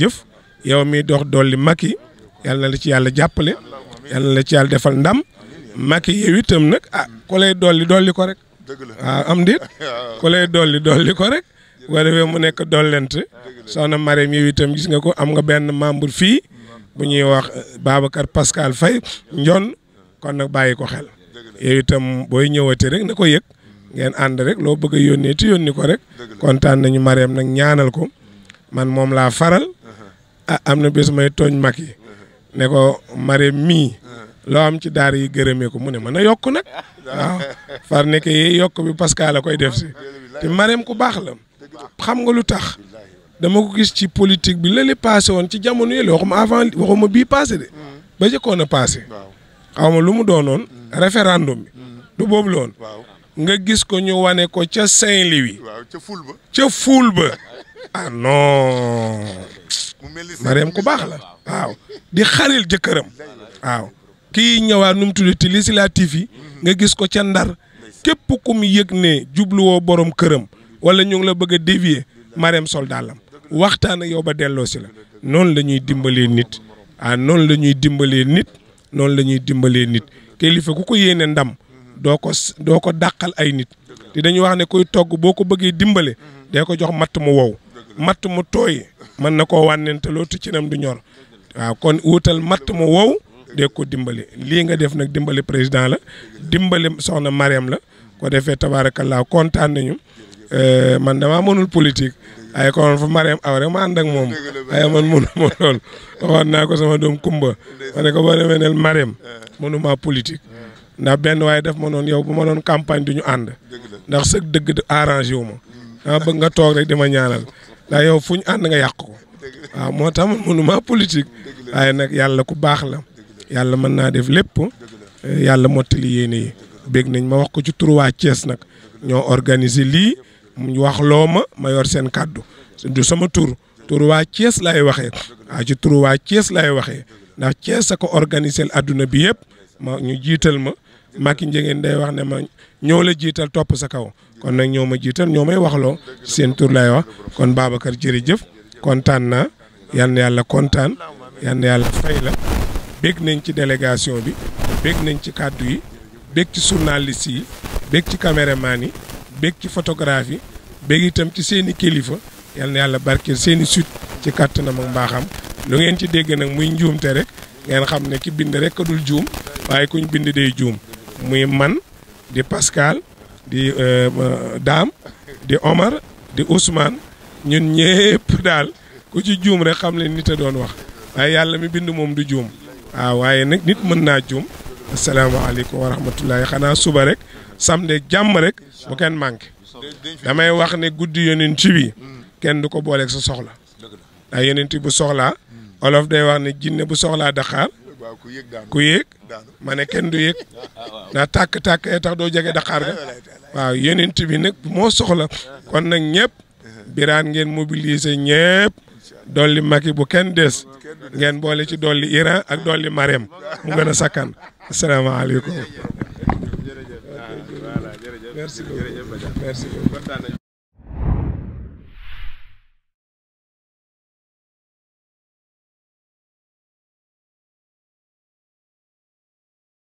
jëf yow mi dox dolli Macky yàlla na la ci yàlla jàppale yàlla la ci yàlla defal ndam Macky yow itam nag ah ku lay dolli dolli ko rek. waaw ah, am déet ku lay dolli dolli ko rek. bu ko mu nekk dollent soxna Marème yow itam gis nga ko am nga benn membre fii bu ñuy wax euh, Babacar Pascal Faye njon kon nag bàyyi ko xel yow itam booy ñëwati rek na ko yëg ngeen ànd rek loo bëgg a yónnee ti yónni ko rek kontaan nañu Marème nag ñaanal ko man moom laa faral. Ah, am na bés may tooñ mag yi ne ko mare mii loo am ci daar yi gërëmee ko mu ne mën a yokk nag waaw far nekk yi yokk bi Pascal la koy def si te mareem ku baax la xam nga lu tax dama ko gis ci politique bi lali passé woon ci jamono yële waxuma avant ma bii passé de ba jëkkoon a passé xaw ma lu mu doonoon référendum bi du boobu la woon nga gis ko ñu wane ko ca Saint-Louis ca ful ba ca ah non Mariam ku baax la waaw di xaril jëkkëram waaw kii ñëwaat nu mu tuddati législatif yi nga gis ko ca ndar képp ku mu yëg ne jubluwoo borom këram wala ñu ngi la bëgg a dévier Mariam sol dàllam waxtaan ak yow ba delloo si la noonu la ñuy dimbalee nit ah noonu la ñuy dimbalee nit noonu la ñuy dimbalee nit kilifa ku ko yéene ndam doo ko doo ko dàqal ay nit te dañuy wax ne kuy togg boo ko bëggee dimbale dee ko jox matt mu wow matt mu tooy mën na koo wànnenteloo loo cinam du ñor waaw kon wuutal matt mu wow de ko dimbali lii nga def nag dimbali président la dimbali soxna Mariam la ko defee tabaarakallaa kontaan nañu euh, man damaa mënul politique ay kon fa Mariam aw rek ma ànd ak moom ay ma lool waxoon naa ko sama doom Kumba ma ne ko boo demee neel Mariam ndax benn waaye daf ma noon yow bu ma doon campagne du ñu ànd ndax sëg dëgg arrangé wu ma bëgg nga toog rek di ma ñaanal ndax yow fu ñu ànd nga yàq ko waaw moo tax man mënuma politique waaye nag yàlla ku baax la yàlla mën naa def lépp yàlla mottali yéene yi bég nañ ma wax ko ci turu waa nag ñoo organiser lii mu wax loo ma ma yor seen kàddu du sama tur turu waa Thiès laay waxee waaw ci turu waa Thiès laay waxee ndax Thiès sa ko organiser àdduna bi yëpp. ma ñu jiital ma Macky Njëgeen day wax ne ma ñëw la jiital topp sa kaw kon nag ñëw ma jiital ñoo may waxloo seen tur wax kon Babacar jërëjëf kontaan naa yal na yàlla kontaan yal na yàlla fay la bég nañ ci délégation bi bég nañ ci kàddu yi bég ci journaliste yi bég ci caméraman yi bég ci photographe yi bég itam ci seeni i kilifa yal na yàlla barkeel seen i sut ci kàttanam ak mbaaxam lu ngeen ci dégg nag muy njuumte rek ngeen xam ne ki bind rek a dul waaye kuñ bind day juum muy man di Pascal di euh, daam di Omar di Ousmane ñun ñëpp daal ku ci juum rek xam ne nit a doon wax waaye yàlla mi bind moom du juum waaw ah, waaye nag nit mën naa juum asalaamaaleykum wa rahmatullahi xanaa suba rek samedi jàmm rek bu kenn manqué damay wax ne guddi yonent bi kenn du ko booleeg sa soxla ndax yonent bu soxlaa olof day wax ne jinne bu soxlaa daqaar ku yéeg ma ne kenn du yéeg ah, ah, ndax tàkk-tàkk ee eh, tax doo jege daqaar ga waaw yenent bi nag moo soxla kon nag ñëpp uh-huh. biraan ngeen mobiliser ñëpp dolli Macky bu kenn des ngeen boole ci dolli Iran ak dolli Marème mu gën a sakkan asalaamaaleykum merci